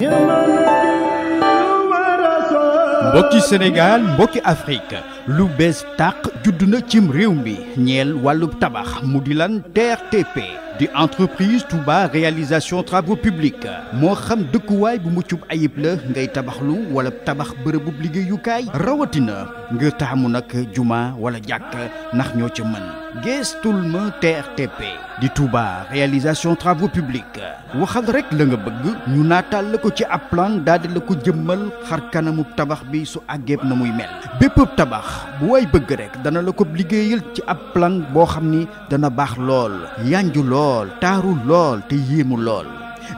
mbokki Sénégal mbokki Afrique lu bees tàq judd na cim réew mi ñeel wàllub tabax mu di lan TRTP di entreprise Touba réalisation travaux publics moo xam dëkkuwaay bu muccub ayib la ngay tabaxlu wala tabax bërëbub liggéeyukaay rawatina ngir taamu nag jumaa wala jàkk ndax ñoo ca mën geestul ma TRTP di Touba réalisation travaux publics waxal rek la nga bëgg ñu naataal la ko ci ab plan daal di la ko jëmmal xar kanamu tabax bi su àggeeb na muy mel bépp tabax bu waay bëgg rek dana la ko liggéeyal ci ab plan boo xam ni dana baax lool yanju lool lool taaru lool te yéemu lool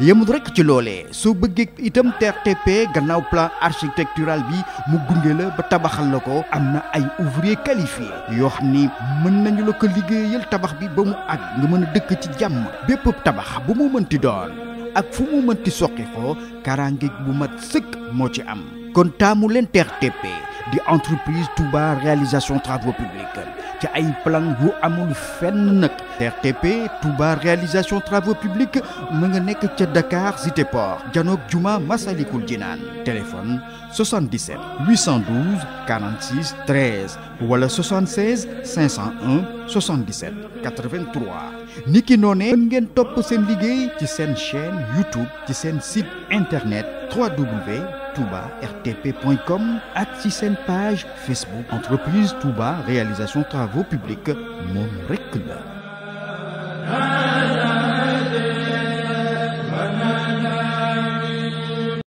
yemul rekk ci loolee soo bëggee itam TRTP gannaaw plan architectural bi mu gunge la ba tabaxal la ko am na ay ouvrier qualifié yoo xam ni mën nañu la ko liggéeyal tabax bi ba mu àgg nga mën a dëkk ci jàmm bépp tabax bu mu mën mënti doon ak fu mu mënti soqi ko karangeeg bu mat sëkk moo ci am kon taamu leen TRTP di entreprise Touba réalisation travaux publics ci ay plan yu amul fenn nag TRTP Touba réalisation travaux publics mu nga nekk ca si Cité Port janoog Juma Masalikul Jinaan téléphone 77 812 46 13 wala 76 501 77 83 niki noonee mën ngeen topp seen liggéey ci seen chaîne YouTube ci seen site internet www. touba rtp.com ak ci seen page Facebook entreprise Touba réalisation travaux publics moom